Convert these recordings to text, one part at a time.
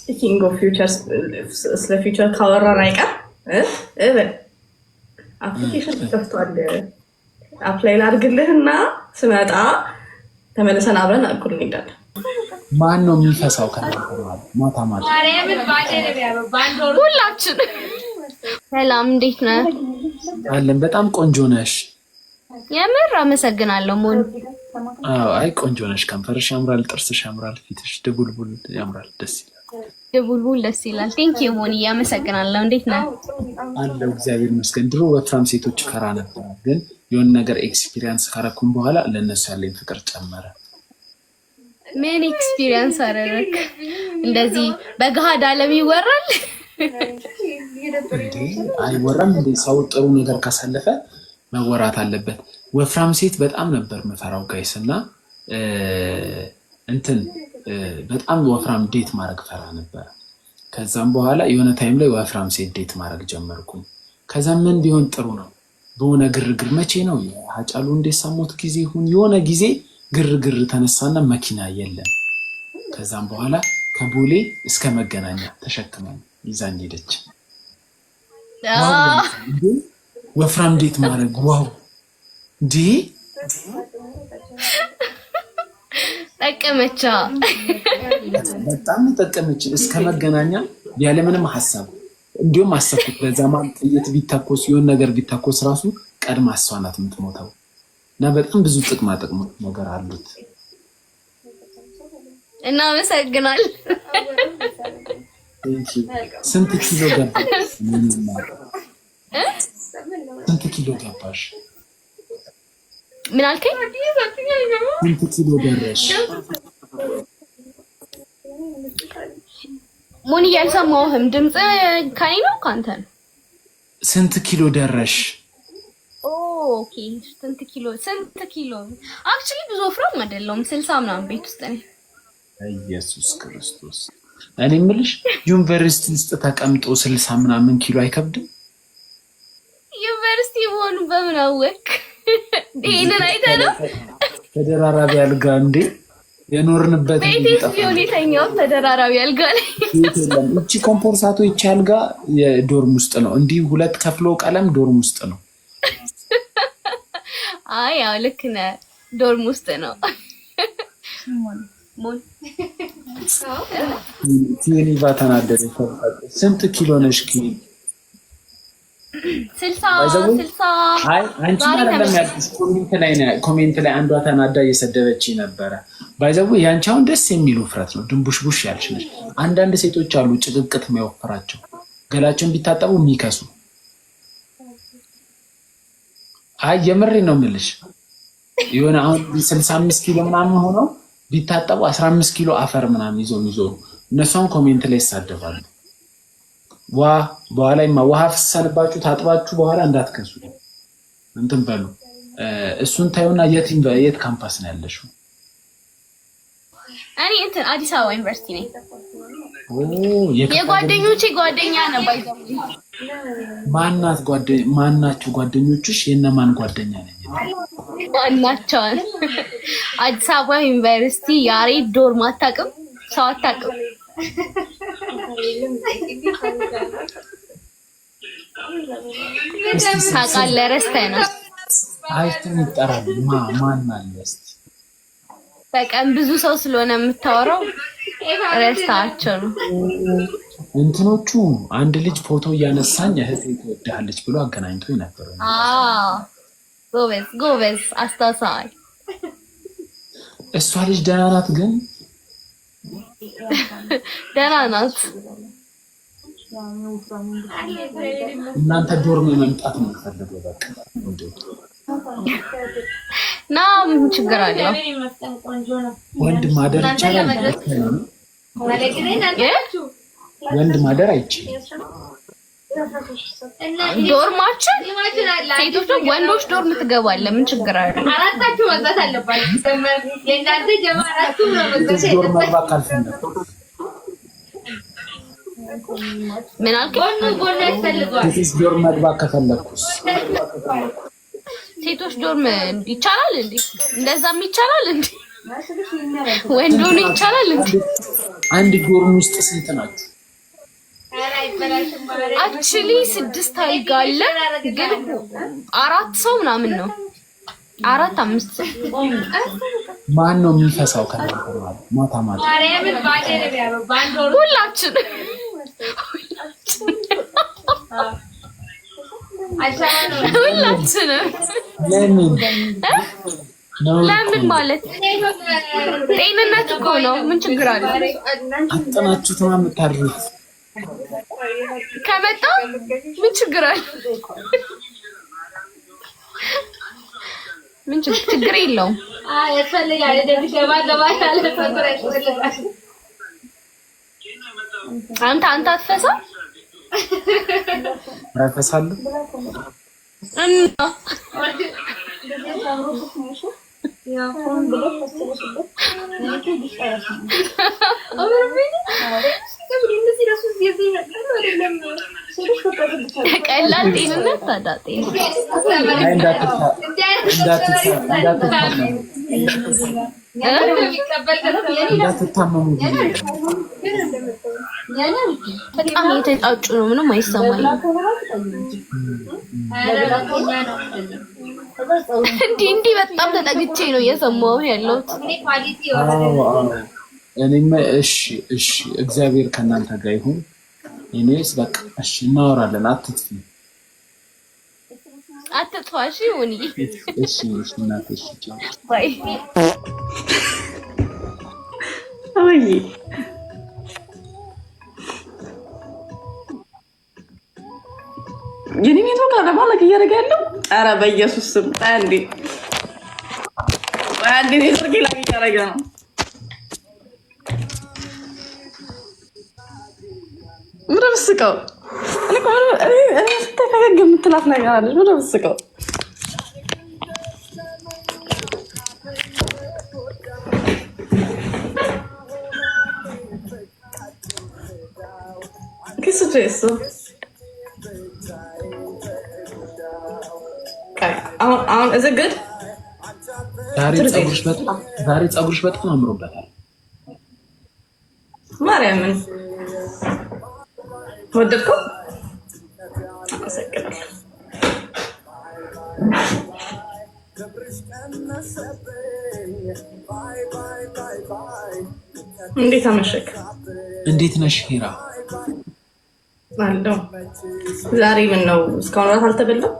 ስፒኪንግ ኦፍ ፊውቸር ስለ ፊውቸር ካወራን አይቀር እበል አፕሊኬሽን ተከፍቷል። አፕላይ ላድርግልህና ስመጣ ተመልሰን አብረን አልኩል እንሄዳለን። ማን ነው የሚፈሳው? ከማታ ማታ ሁላችን። ሰላም እንዴት ነህ? አለን። በጣም ቆንጆ ነሽ። የምር አመሰግናለሁ። ሞን አይ ቆንጆ ነሽ። ከንፈርሽ ያምራል፣ ጥርስሽ ያምራል፣ ፊትሽ ድቡልቡል ያምራል። ደስ ይላል። ድቡልቡል ደስ ይላል። ቴንክ ዩ ሞኒ፣ እያመሰግናለሁ። እንዴት ነው አለው እግዚአብሔር ይመስገን። ድሮ ወፍራም ሴቶች ፈራ ነበረ፣ ግን የሆነ ነገር ኤክስፒሪየንስ ካረኩም በኋላ ለእነሱ ያለኝ ፍቅር ጨመረ። ምን ኤክስፒሪየንስ አደረግ? እንደዚህ በገሃድ ዓለም ይወራል አይወራም? እንደ ሰው ጥሩ ነገር ካሳለፈ መወራት አለበት። ወፍራም ሴት በጣም ነበር መፈራው ጋይስ እና እንትን በጣም ወፍራም ዴት ማድረግ ፈራ ነበረ። ከዛም በኋላ የሆነ ታይም ላይ ወፍራም ሴት ዴት ማድረግ ጀመርኩኝ። ከዛ ምን ቢሆን ጥሩ ነው በሆነ ግርግር መቼ ነው ሀጫሉ እንዴት ሳሞት ጊዜ ይሁን የሆነ ጊዜ ግርግር ተነሳና መኪና የለም። ከዛም በኋላ ከቦሌ እስከ መገናኛ ተሸክመን ይዛን ሄደች። ወፍራም ዴት ማድረግ ዋው እንዲህ ጠቀመቻ በጣም ጠቀመች። እስከ መገናኛ ያለምንም ሀሳብ እንዲሁም አሰብኩት። በዛ ማለት ጥይት ቢተኮስ የሆነ ነገር ቢተኮስ ራሱ ቀድማ እሷ ናት የምትሞተው እና በጣም ብዙ ጥቅማ ጥቅም ነገር አሉት። እናመሰግናል። ስንት ኪሎ ገባሽ? ስንት ኪሎ ገባሽ? ምን አልከኝ? ስንት ኪሎ ደረሽ? ሙኒዬ አልሰማሁህም። ድምፅ ከኔ ነው ከአንተ ነው? ስንት ኪሎ ደረሽ? ኦኬ ስንት ኪሎ ስንት ኪሎ? አክቹሊ ብዙ ወፍራም አይደለሁም፣ ስልሳ ምናምን ቤት ውስጥ ነኝ። ኢየሱስ ክርስቶስ እኔ የምልሽ ዩኒቨርሲቲ ውስጥ ተቀምጦ ስልሳ ምናምን ኪሎ አይከብድም? ዩኒቨርሲቲ መሆኑ በምን አወቅ? ይህንን አይተህ ነው ተደራራቢ አልጋ እንዴ የኖርንበት ቤቴስ ተደራራቢ አልጋ ላይ። እቺ ኮምፖርሳቶ ይቺ አልጋ የዶርም ውስጥ ነው። እንዲህ ሁለት ከፍሎ ቀለም ዶርም ውስጥ ነው። አይ ያው ልክ ነህ፣ ዶርም ውስጥ ነው። ሞል ፊኒቫ ተናደደ። ስንት ኪሎ ነሽ? ኮሜንት ላይ አንዷ ተናዳ እየሰደበች ነበረ። ባይዘቡ ያንቻውን ደስ የሚል ውፍረት ነው፣ ድንቡሽቡሽ ያልሽ ነች። አንዳንድ ሴቶች አሉ ጭቅቅት የሚያወፍራቸው ገላቸውን ቢታጠቡ የሚከሱ። አይ የምሬ ነው ምልሽ የሆነ አሁን ስልሳ አምስት ኪሎ ምናምን ሆነው ቢታጠቡ አስራ አምስት ኪሎ አፈር ምናምን ይዞ ይዞ እነሷን ኮሜንት ላይ ይሳደባሉ። ዋ በኋላ ይማ ውሃ ፍሰንባችሁ ታጥባችሁ በኋላ እንዳትከሱ እንትን በሉ። እሱን ታዩና የት ካምፓስ ነው ያለሽው? እኔ እንትን አዲስ አበባ ዩኒቨርሲቲ ነኝ። የጓደኞቼ ጓደኛ ነው። ባይዘው። ማናት ማናቸው ጓደኞችሽ? የእነማን ጓደኛ ነኝ? ማናቸዋል? አዲስ አበባ ዩኒቨርሲቲ ያሬድ ዶርም አታውቅም? ሰው አታውቅም? ሳቃለ ረስተ ነው አይተን ይጠራል። ማን አለ በቀን ብዙ ሰው ስለሆነ የምታወራው ረስታቸው ነው። እንትኖቹ አንድ ልጅ ፎቶ እያነሳኝ እህቴ ትወድሃለች ብሎ አገናኝቶ ነበር። ጎበዝ ጎበዝ አስታውሰዋል። እሷ ልጅ ደህና ናት ግን ደህና ናት። እናንተ ዶርም መምጣት ነው የምትፈልገው? ና፣ ምን ችግር አለው? ወንድ ማደር ይቻላል። ወንድ ማደር አይችልም። ዶርማችን ሴቶች ወንዶች ዶርም ትገባለህ። ምን ችግር አለ? አራታችሁ መግባት አለባችሁ። የእናንተ ጀማ አራቱ ነው መግባት ምን አልከኝ? ዶርም መግባት ከፈለግኩስ ሴቶች ዶርም ይቻላል እንዴ? እንደዛም ይቻላል እንዴ? ወንዶ ሆኖ ይቻላል እንዴ? አንድ ዶርም ውስጥ ስንት ናችሁ? አክቹሊ ስድስት አልጋ አለ፣ ግን አራት ሰው ምናምን ነው። አራት አምስት ሰው ማን ነው የሚፈሳው? ማታ ማታ ሁላችን ሁላችንም ለምን ማለት ጤንነት እኮ ነው። ምን ችግር አለ? አጠናችሁት ነው የምታድሩት ከመጣ ምን ችግር አለ? ምን ችግር የለውም። አንተ አንተ አትፈሳ አፈሳለሁ እና ቀላል ጤንነት ታዳ ጤንነት በጣም የተጫጩ ነው። ምንም አይሰማኝ። እንዲህ እንዲህ በጣም ተጠግቼ ነው እየሰማሁ ያለሁት። እኔም እሺ እሺ፣ እግዚአብሔር ከእናንተ ጋር ይሁን። እኔስ በቃ እሺ፣ እናወራለን። አትጥፊ አትጥፋ። እሺ ይሁንዬ፣ እሺ እሺ፣ እናትሽ ወይ ወይ የኔ ቤቱ ጋር እያደረገ ያለው ኧረ በኢየሱስ ስም አንዴ አንዴ ኔትወርክ ላይ እያደረገ ነው። ምንድን ነው ፈገግ የምትላት ነገር አለች። በደምብ ስቀው አሁን እዚህ ግድ ዛሬ ፀጉርሽ በጣም አምሮበታል ማርያምን ወደድከው? አመሰግናለሁ። እንዴት አመሸክ? እንዴት ነሽ ሄራ? አለው ዛሬ ምን ነው እስካሁን እራት አልተበላም?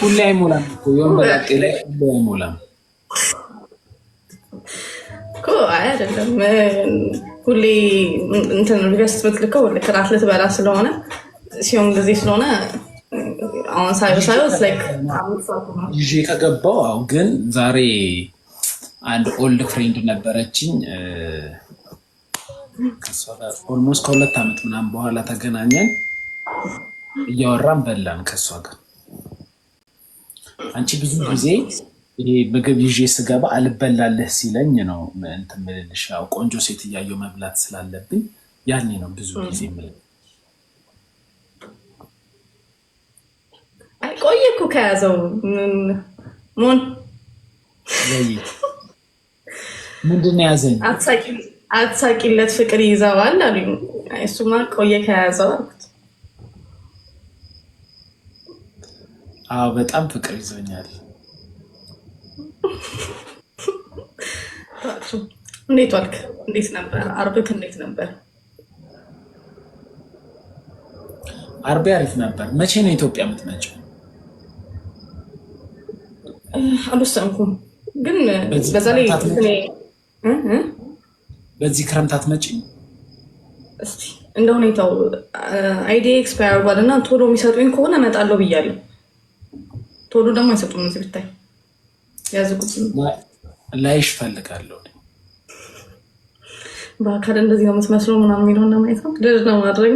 ሁሌ አይሞላም እኮ የሆነ ላይ ሁሌ አይሞላም እኮ አይደለም ሁሌ እንትን ሪቨስት ብትልከው ልትበላ ስለሆነ ሲሆን ጊዜ ስለሆነ አሁን ሳይሆን ይዤ ከገባው አሁ ግን ዛሬ አንድ ኦልድ ፍሬንድ ነበረችኝ። ኦልሞስት ከሁለት ዓመት ምናምን በኋላ ተገናኘን፣ እያወራን በላን ከእሷ ጋር አንቺ ብዙ ጊዜ ይሄ ምግብ ይዤ ስገባ አልበላልህ ሲለኝ ነው እንትን የምልልሽ። ያው ቆንጆ ሴት እያየው መብላት ስላለብኝ ያኔ ነው ብዙ ጊዜ ምል ቆየ እኮ ከያዘው ሞን ምንድን ያዘኝ። አትሳቂለት ፍቅር ይዘዋል አሉ። እሱማ ቆየ ከያዘው አልኩት። አዎ በጣም ፍቅር ይዞኛል። እንዴት ዋልክ? እንዴት ነበር አርብክ? እንዴት ነበር አርቤ? አሪፍ ነበር። መቼ ነው ኢትዮጵያ የምትመጪው? አልወሰንኩም፣ ግን በዛ ላይ በዚህ ክረምት አትመጪም? እስቲ እንደ ሁኔታው አይዲ ኤክስፓየር አድርጓል እና ቶሎ የሚሰጡኝ ከሆነ እመጣለሁ ብያለሁ። ቶሎ ደግሞ አይሰጡም እዚህ ብታይ ላይሽ ፈልጋለሁ። በአካል እንደዚህ ነው የምትመስለው ምናምን የሚለውን ለማየት ነው። ነው ማድረግ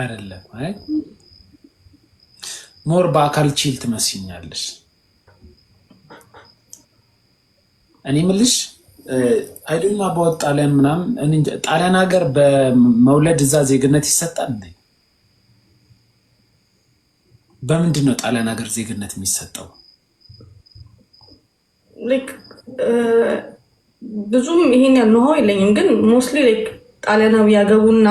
አይደለም። አይ ሞር በአካል ቺል ትመስኛለሽ። እኔ ምልሽ አይዶማ በወጥ ጣሊያን ምናምን ጣሊያን ሀገር በመውለድ እዛ ዜግነት ይሰጣል። በምንድን ነው ጣሊያን ሀገር ዜግነት የሚሰጠው? Uh, ብዙም ይሄን ያል ነው የለኝም፣ ግን ሞስትሊ ላይክ ጣሊያናዊ ያገቡና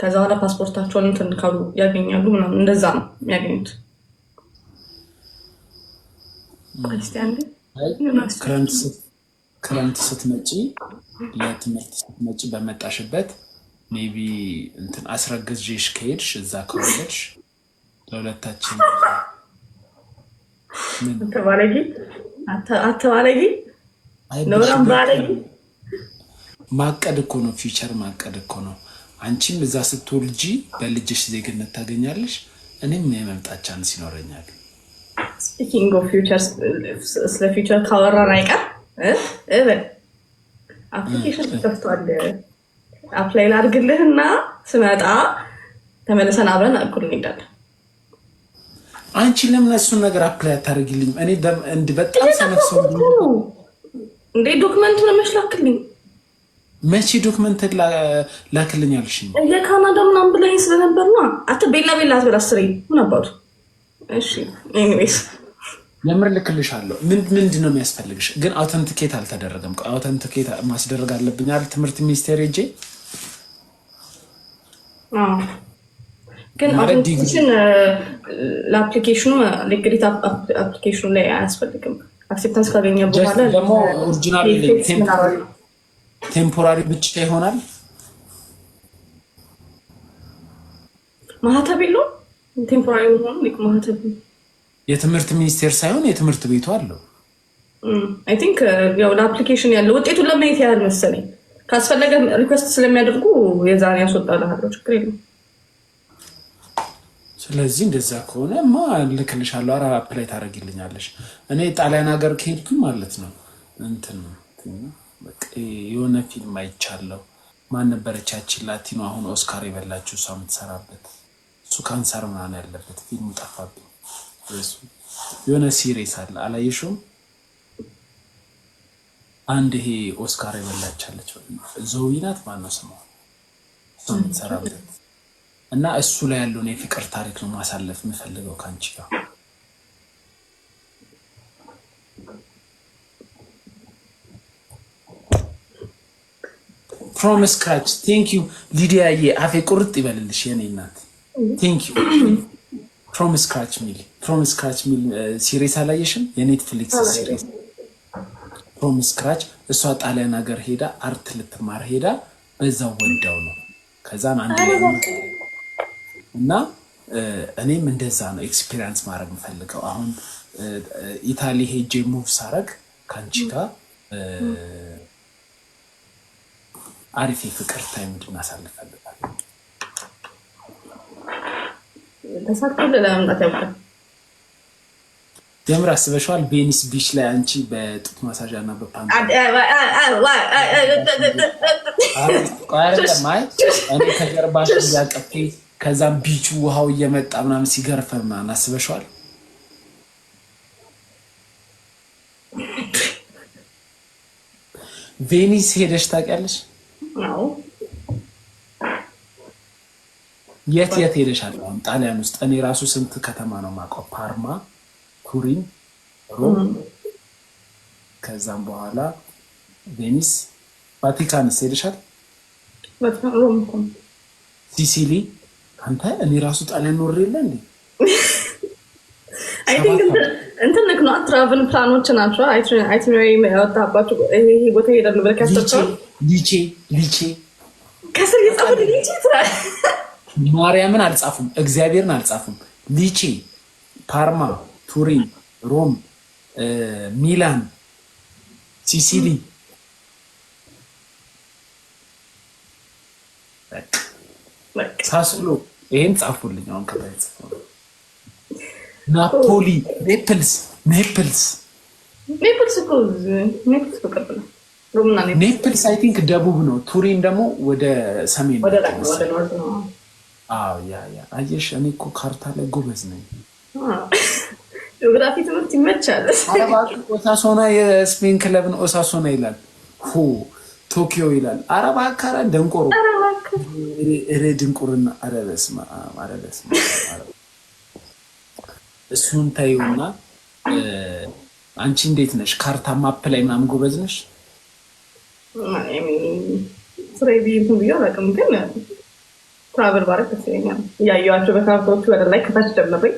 ከዛ በኋላ ፓስፖርታቸውን እንትን ካሉ ያገኛሉ ምናምን እንደዛ ነው የሚያገኙት። ክረምት ስትመጪ ለትምህርት ስትመጪ በመጣሽበት ቢ እንትን አስረግዝሽ ከሄድሽ እዛ ከሆነች ለሁለታችን አትባለጊ ነውራም ባለጊ ማቀድ እኮ ነው። ፊውቸር ማቀድ እኮ ነው። አንቺም እዛ ስትወልጂ በልጅሽ ዜግነት ታገኛለሽ። እኔም የመምጣት ቻንስ ይኖረኛል። ስፒኪንግ ኦፍ ፊውቸር ስለ ፊውቸር ካወራን አይቀር እበል አፕሊኬሽን ተከፍቷል። አፕላይ ላድርግልህና ስመጣ ተመልሰን አብረን እኩል እንሄዳለን። አንቺ ለምን እሱን ነገር አፕላይ አታደርጊልኝ? እኔ እንድ በጣም ሰነፍሰው እንደ ዶክመንቱን መች ላክልኝ? መቼ ዶክመንት ላክልኝ አልሽኝ? የካናዳ ምናምን ብለኝ ስለነበር ነ አተ ቤላ ቤላ አትበል አስሬ ምን አባቱ። እሺ ኤኒዌይስ የምር ልክልሻለሁ። ምንድን ነው የሚያስፈልግሽ ግን? አውተንቲኬት አልተደረገም። አውተንቲኬት ማስደረግ አለብኛል ትምህርት ሚኒስቴር ሄጄ ግን አሁን አውተንቲኬሽን ለአፕሊኬሽኑ ግዴታ አፕሊኬሽኑ ላይ አያስፈልግም። አክሴፕታንስ ካገኘ በኋላ ደግሞ ኦሪጂናል ቴምፖራሪ ብቻ ይሆናል። ማህተብ የለውም። ቴምፖራሪ ሆኑ ማህተብ የትምህርት ሚኒስቴር ሳይሆን የትምህርት ቤቱ አለው። አይ ቲንክ ያው ለአፕሊኬሽን ያለው ውጤቱን ለማየት ያህል መሰለኝ። ካስፈለገ ሪኩዌስት ስለሚያደርጉ የዛሬ ያስወጣልሃለሁ። ችግር የለም። ስለዚህ እንደዛ ከሆነ ማ ልክልሻለሁ፣ ኧረ አፕላይ ታደርጊልኛለሽ። እኔ ጣሊያን ሀገር ከሄድኩኝ ማለት ነው እንትን የሆነ ፊልም አይቻለሁ። ማን ነበረቻችን ላቲኖ አሁን ኦስካር የበላችው እሷ የምትሰራበት እሱ ካንሰር ምናምን ያለበት ፊልም ጠፋብኝ። የሆነ ሲሪስ አለ አላየሽውም? አንድ ይሄ ኦስካር የበላቻለች ዘዊናት ማነው ስማ እሷ የምትሰራበት እና እሱ ላይ ያለውን የፍቅር ታሪክ ነው ማሳለፍ የምፈልገው ከአንቺ ጋር። ፍሮም ስክራች ቴንክ ዩ ሊዲያዬ፣ አፌ ቁርጥ ይበልልሽ የኔ እናት። ቴንክ ዩ ፍሮም ስክራች ሚል ፍሮም ስክራች ሚል ሲሪስ አላየሽም? የኔትፍሊክስ ሲሪስ ፍሮም ስክራች። እሷ ጣሊያን ሀገር ሄዳ አርት ልትማር ሄዳ በዛው ወዳው ነው ከዛም አንድ ላይ እና እኔም እንደዛ ነው ኤክስፒሪያንስ ማድረግ ምፈልገው። አሁን ኢታሊ ሄጄ ሙቭ ሳረግ ከአንቺ ጋር አሪፍ የፍቅር ታይም እንድናሳልፍ ፈልጋለሁ። ተሳክቶልህ ለመምጣት አስበሽዋል? ቬኒስ ቢች ላይ አንቺ በጡት ማሳዣ እና በፓንማይ እኔ ከጀርባሽ እያቀፌ ከዛም ቢቹ ውሃው እየመጣ ምናምን ሲገርፈ ምናምን አስበሸዋል። ቬኒስ ሄደሽ ታውቂያለሽ? የት የት ሄደሻል? አሁን ጣሊያን ውስጥ እኔ ራሱ ስንት ከተማ ነው የማውቀው? ፓርማ፣ ቱሪን፣ ሮም፣ ከዛም በኋላ ቬኒስ። ቫቲካንስ ሄደሻል? ሲሲሊ አንተ እኔ ራሱ ጣሊያን ኖር የለ እንዴ? እንትን ልክ ነው። ትራቭል ፕላኖች ናቸው። አይትኖሪ ወጣባቸው ይሄ ቦታ ይሄዳሉ ብለህ ያሰብከው ሊቼ ሊቼ ከስር የጻፉ ሊቼ ትራል ማርያምን አልጻፉም፣ እግዚአብሔርን አልጻፉም። ሊቼ፣ ፓርማ፣ ቱሪን፣ ሮም፣ ሚላን፣ ሲሲሊ ሳስሎ ይሄን ጻፉልኝ። አሁን ከላይ ናፖሊ፣ ኔፕልስ፣ ኔፕልስ፣ ኔፕልስ አይ ቲንክ ደቡብ ነው። ቱሪን ደግሞ ወደ ሰሜን ነው። ያ ያ አየሽ፣ እኔ እኮ ካርታ ላይ ጎበዝ ነኝ። ጂኦግራፊ ትምህርት ይመቻል። ኦሳሶና የስፔን ክለብን ኦሳሶና ይላል፣ ቶኪዮ ይላል። አረባ አካራ ደንቆሮ እኔ ድንቁርና ኧረ በስመ አብ ኧረ በስመ አብ እሱን ታዩና፣ አንቺ እንዴት ነሽ? ካርታ ማፕ ላይ ምናምን ጎበዝ ነሽ? ትራቨል ባረግ ደስ ይለኛል። እያየኋቸው በካርታዎቹ ወደ ላይ ከታች ጀመረኝ።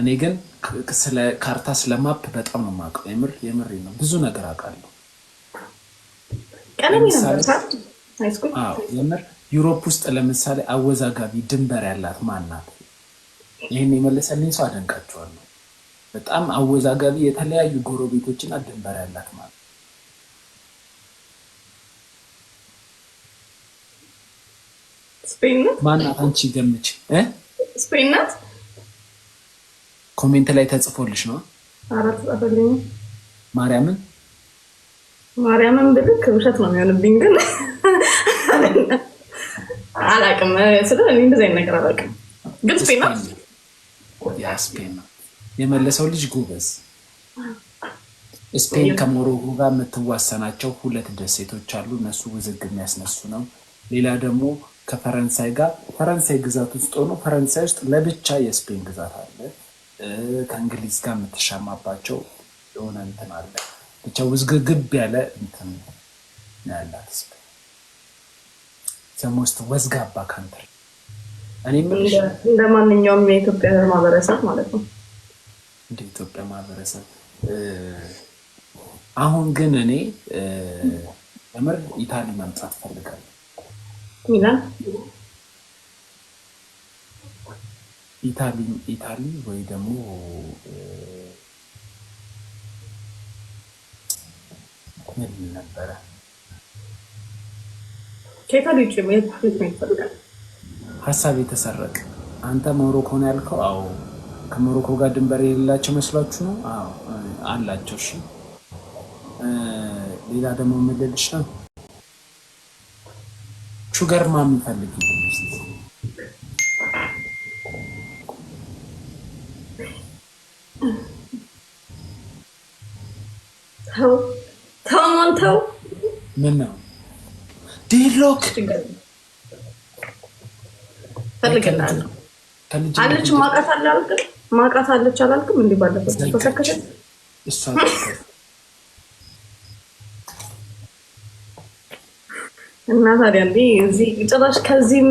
እኔ ግን ስለ ካርታ ስለ ማፕ በጣም ነው የማውቀው። የምር የምር ነው ብዙ ነገር አውቃለሁ። ቀለም ነበር የምር ዩሮፕ ውስጥ ለምሳሌ አወዛጋቢ ድንበር ያላት ማናት? ይህን የመለሰልኝ ሰው አደንቃቸዋለሁ። በጣም አወዛጋቢ የተለያዩ ጎረቤቶችና ድንበር ያላት ማለት ማናት? አንቺ ገምች። ስፔን ናት። ኮሜንት ላይ ተጽፎልሽ ነው። ማርያምን ማርያምን ብልክ ውሸት ነው የሚሆንብኝ ግን አላውቅም ስለ እንደዚህ አይነት ነገር ግን ስፔን ነው ነው የመለሰው ልጅ ጎበዝ። ስፔን ከሞሮኮ ጋር የምትዋሰናቸው ሁለት ደሴቶች አሉ። እነሱ ውዝግብ የሚያስነሱ ነው። ሌላ ደግሞ ከፈረንሳይ ጋር ፈረንሳይ ግዛት ውስጥ ሆኖ ፈረንሳይ ውስጥ ለብቻ የስፔን ግዛት አለ። ከእንግሊዝ ጋር የምትሻማባቸው የሆነ እንትን አለ። ብቻ ውዝግግብ ያለ እንትን ያላት ስፔን ዘሞስት ወዝጋባ ካንትሪ እኔ እንደ ማንኛውም የኢትዮጵያ ማህበረሰብ ማለት ነው። እንደ ኢትዮጵያ ማህበረሰብ አሁን ግን እኔ ምር ኢታሊ መምጣት ፈልጋለሁ። ኢታሊ ኢታሊ ወይ ደግሞ ምን ነበረ ከኢታሊ ውጭ ይፈልጋል? ሀሳብ የተሰረቀ አንተ ሞሮኮ ነው ያልከው። አዎ ከሞሮኮ ጋር ድንበር የሌላቸው መስሏችሁ ነው? አዎ አላቸው። እሺ ሌላ ደግሞ መደል ይችላል። ሹገር ማም ይፈልግ ተው ተው ምን ነው ብሎክ ፈልግልሃለሁ አለች። አለች ባለበት እና ታዲያ እዚህ ጭራሽ ከዚህም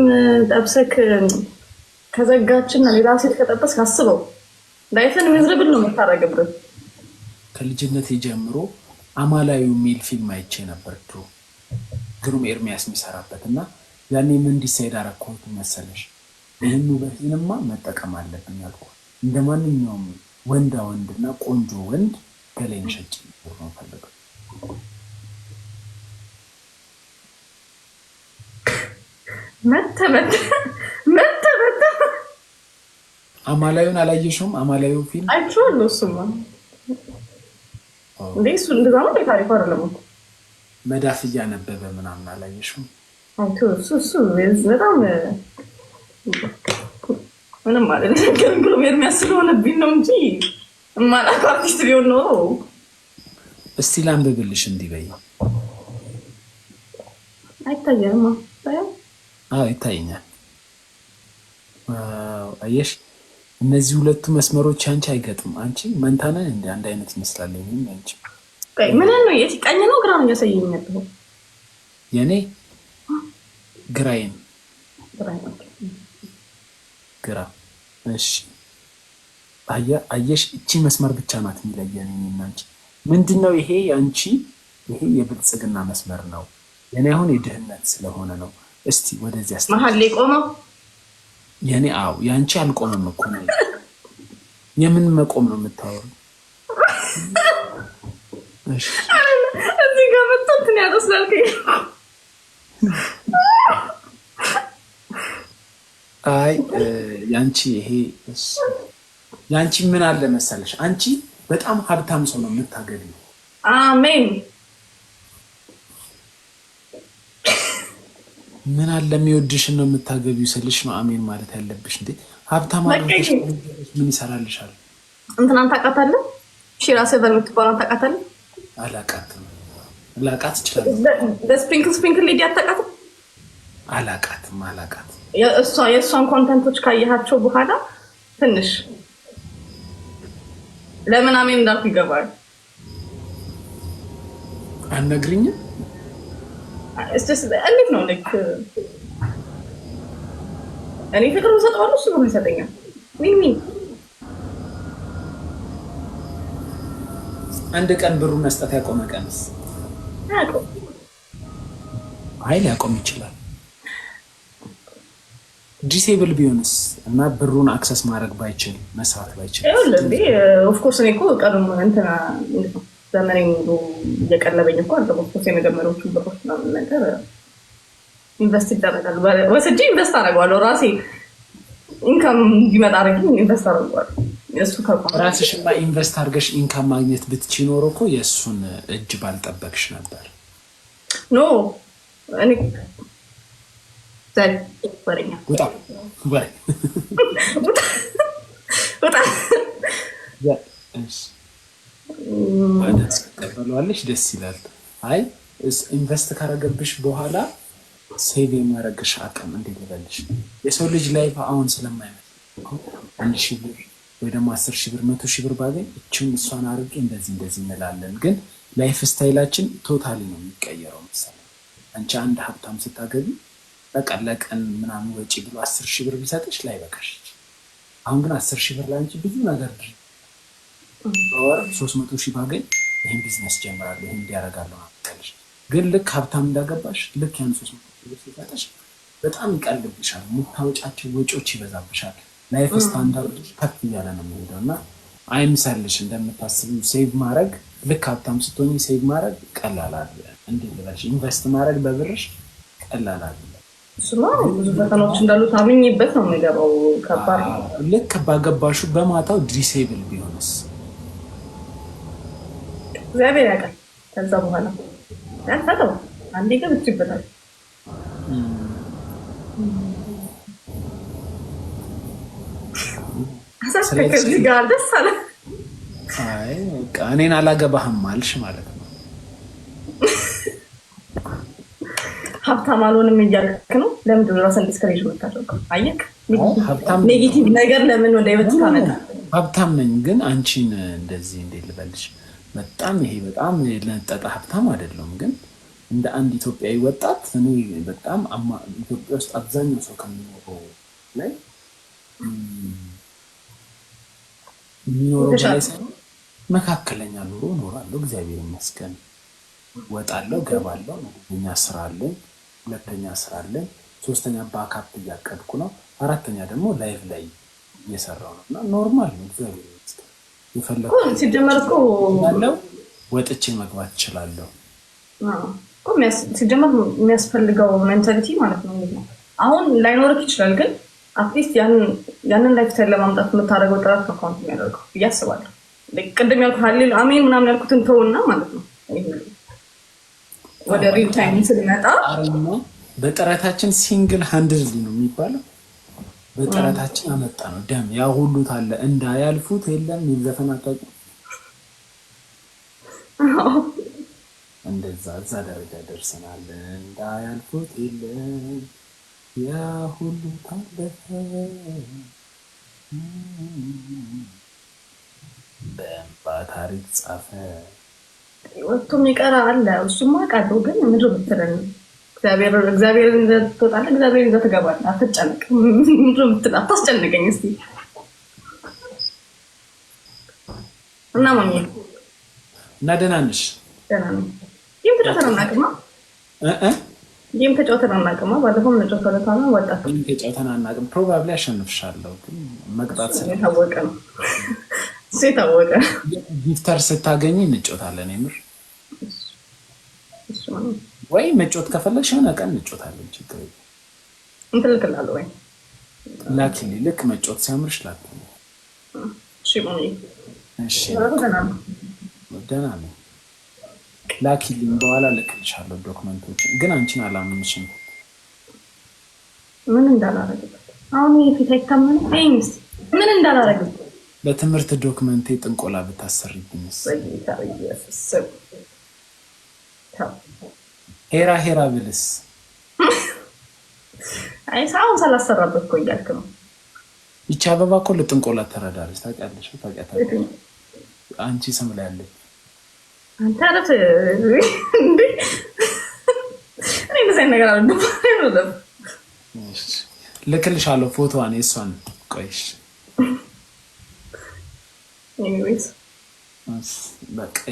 ጠብሰክ ከዘጋችን ሌላ ሴት ከጠበስ ካስበው ላይፍን ሚዝርብል ነው የምታደርግብን። ከልጅነት ጀምሮ አማላዩ የሚል ፊልም አይቼ ነበር ድሮ ግሩም ኤርሚያስ የሚሰራበት እና ያኔ ምን ዲሳይድ አረኮት መሰለሽ፣ ይህን ውበቴንማ መጠቀም አለብኝ አልኩ። እንደ ማንኛውም ወንዳ ወንድ እና ቆንጆ ወንድ ገላይን ሸጭ ነው ፈልገው መተመተ አማላዩን አላየሽውም? አማላዩ ፊልም አይቼዋለሁ። እሱማ እንደ እሱ እንደዛ ነው ታሪኩ አይደለም እኮ መዳፍ እያነበበ ምናምን አላየሽም? እሱ በጣም ምንም ማለት ነው እንጂ አርቲስት ቢሆን ኖሮ እስቲ ላንብብልሽ እንዲህ በይ። አዎ ይታየኛል። አየሽ፣ እነዚህ ሁለቱ መስመሮች አንቺ አይገጥም። አንቺ መንታነን እንደ አንድ አይነት ይመስላለኝ አንቺ ምን ነው የት ቀኝ ነው ግራ ነው ያሳየኝ ነበር። የኔ ግራ። እሺ አየሽ፣ እቺ መስመር ብቻ ናት የሚለየን ምንድን ነው ይሄ የአንቺ ይሄ የብልጽግና መስመር ነው፣ የኔ አሁን የድህነት ስለሆነ ነው። እስቲ ወደዚያ መሀል ላይ ቆመው የኔ። አዎ የአንቺ አልቆመም እኮ ነው። የምን መቆም ነው የምታወሩ እዚህ ጋር መጥቶ እንትን ያደስላልከኝ። አይ ያንቺ ይሄ ያንቺ ምን አለ መሰለሽ፣ አንቺ በጣም ሀብታም ሰው ነው የምታገቢው። አሜን። ምን አለ የሚወድሽን ነው የምታገቢው ስልሽ ነው አሜን ማለት ያለብሽ። እንዴ ሀብታም ምን ይሰራልሻል? እንትናን ታውቃታለህ? ሺራ ሰቨር የምትባሏን ታውቃታለህ? አላቃትም። ላቃት ይችላል። ስፕሪንክል አታውቃትም? አላቃትም። የእሷን ኮንተንቶች ካየሃቸው በኋላ ትንሽ ለምን አሜን እንዳልኩ ይገባል። አነግርኝም? እንዴት ነው ልክ እኔ ፍቅር ሰጠዋለሁ፣ እሱ ብሩ ይሰጠኛል። ሚን ሚን አንድ ቀን ብሩ መስጠት ያቆመ ቀንስ አይ ሊያቆም ይችላል። ዲሴብል ቢሆንስ እና ብሩን አክሰስ ማድረግ ባይችል መስራት ባይችል ኦፍኮርስ እኔ እኮ ቀኑ እንትና ዘመኔ ሙሉ እየቀለበኝ እኮ አለ ኦፍኮርስ የመጀመሪያዎቹን ብሮች ምናምን ነገር ኢንቨስት ይደረጋል። ወስጄ ኢንቨስት አደርገዋለሁ ራሴ ኢንካም እንዲመጣ አደረግኝ ኢንቨስት አደርገዋለሁ ራስሽማ ኢንቨስት አድርገሽ ኢንካም ማግኘት ብትች ኖሮ እኮ የእሱን እጅ ባልጠበቅሽ ነበር። ኖ ቀበለዋለሽ ደስ ይላል። አይ ኢንቨስት ካረገብሽ በኋላ ሴቭ የሚያረግሽ አቅም እንዴት ይበልሽ። የሰው ልጅ ላይ አሁን ስለማይመ አንድ ሺህ ብር ወይ ደግሞ አስር ሺህ ብር መቶ ሺህ ብር ባገኝ እችን እሷን አድርጌ እንደዚህ እንደዚህ እንላለን። ግን ላይፍ ስታይላችን ቶታሊ ነው የሚቀየረው። ምሳሌ አንቺ አንድ ሀብታም ስታገቢ በቀን ለቀን ምናምን ወጪ ብሎ አስር ሺህ ብር ቢሰጥሽ ላይ በቃሽ። አሁን ግን አስር ሺህ ብር ለአንቺ ብዙ ነገር ድ በወር ሶስት መቶ ሺህ ባገኝ ይህን ቢዝነስ ጀምራለሁ ይህን እንዲያደርጋለሁ ማለትለሽ። ግን ልክ ሀብታም እንዳገባሽ ልክ ያን ሶስት መቶ ሺህ ብር ሲሰጥሽ በጣም ይቀልብሻል። የምታወጫቸው ወጪዎች ይበዛብሻል። ላይፍ ስታንዳርድ ከፍ እያለ ነው የሚሄደው እና አይምሰልሽ እንደምታስብ ሴቭ ማድረግ ልክ ሀብታም ስትሆኝ ሴቭ ማድረግ ቀላል አለ። እንዴት ልበልሽ፣ ኢንቨስት ማድረግ በብርሽ ቀላል አለ። ብዙ ፈተናዎች እንዳሉት አምኜበት ነው የሚገባው። ከባድ ነው። ልክ ባገባሹ በማታው ዲሴብል ቢሆንስ እግዚአብሔር ያውቃል። ከዛ በኋላ ያፈተው አንዴ ገብቼበታል ተነሳሽ ጋር ደስ አለ። አይ በቃ እኔን አላገባህም አልሽ ማለት ነው። ሀብታም አልሆንም እያልክ ነው። ለምንድን ነው እራስን ዲስከሬጅ የምታደርገው? አየህ፣ ኔጌቲቭ ነገር ለምን ወደ ህይወት ታመጣ? ሀብታም ነኝ ግን አንቺን እንደዚህ እንዴት ልበልሽ፣ በጣም ይሄ በጣም ለጠጠ ሀብታም አይደለሁም ግን እንደ አንድ ኢትዮጵያዊ ወጣት እኔ በጣም ኢትዮጵያ ውስጥ አብዛኛው ሰው ከሚኖረው ላይ የሚኖረው በላይ ሳይሆን መካከለኛ ኑሮ እኖራለሁ፣ እግዚአብሔር ይመስገን። ወጣለሁ፣ ገባለሁ። አንደኛ ስራ አለኝ፣ ሁለተኛ ስራ አለኝ፣ ሶስተኛ በአካፕ እያቀድኩ ነው፣ አራተኛ ደግሞ ላይቭ ላይ እየሰራው ነው እና ኖርማል ነው፣ እግዚአብሔር ይመስገን። የፈለኩት ሲጀመር እኮ ወጥቼ መግባት እችላለሁ። ሲጀመር የሚያስፈልገው ሜንታሊቲ ማለት ነው። አሁን ላይኖርክ ይችላል ግን አትሊስት ያንን ላይፍስታይል ለማምጣት የምታደርገው ጥረት ነው ካውንት የሚያደርገው ብዬ አስባለሁ። ቅድም ያልኩት ሀሌል አሜን ምናምን ያልኩትን ተውና ማለት ነው ወደ ሪል ታይም ስንመጣ በጥረታችን ሲንግል ሃንድል ነው የሚባለው። በጥረታችን አመጣ ነው ደም ያ ሁሉ ታለ እንዳያልፉት የለም የዘፈን እንደዛ እዛ ደረጃ ደርሰናል። እንዳያልፉት የለም ያ ሁሉ አለፈ በእንባ ታሪክ ጻፈ። ወጥቶ የሚቀራ አለ። እሱማ አውቃለሁ፣ ግን ምንድን ነው የምትለኝ? እግዚአብሔር እዛ ትወጣለህ፣ እግዚአብሔር እዛ ትገባለህ። አትጨነቅ። ምንድን ነው የምትለኝ? እስኪ እና ሞኝ እና ደህና ነሽ? ደህና ነኝ። ይህ ብደተነምናቅማ ይህም ተጫውተን አናውቅም። ባለፈውም ተጫውተን ነው ወጣት ተጫውተን አናውቅም። ፕሮባብሊ አሸንፍሻለሁ ግን መቅጣት ስለታወቀ ነው። እሱ የታወቀ ጊፍተር ስታገኝ እንጮታለን። የምር ወይ መጮት ከፈለግሽ የሆነ ቀን እንጮታለን። ችግር እንትልክላለ ወይ ላኪ ልክ መጮት ሲያምርሽ ላኪልኝ። ደህና ነው። ላኪልኝ፣ በኋላ እልክልሻለሁ። ዶክመንቶች ግን አንቺን አላምንሽም። ምን እንዳላረግበት አሁን የፊት አይታመን ይስ ምን እንዳላረግበት በትምህርት ዶክመንቴ ጥንቆላ ብታሰርብኝስ? ሄራ ሄራ ብልስ? አሁን ሳላሰራበት እኮ እያልክ ነው። ይቺ አበባ እኮ ለጥንቆላ ተረዳለች። ታውቂያለሽ? ታውቂያታለሽ አንቺ ስም ላይ ያለች አንተ አረፍ እንዴ! እኔ እንደዚህ ዓይነት ነገር አለ አይደለም። ልክልሻለሁ ፎቶዋን የእሷን ቆይሽ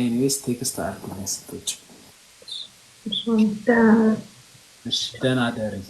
ኤኒዌይስ ቴክስት አድርጉኝ። ስቶች ደህና ደሪ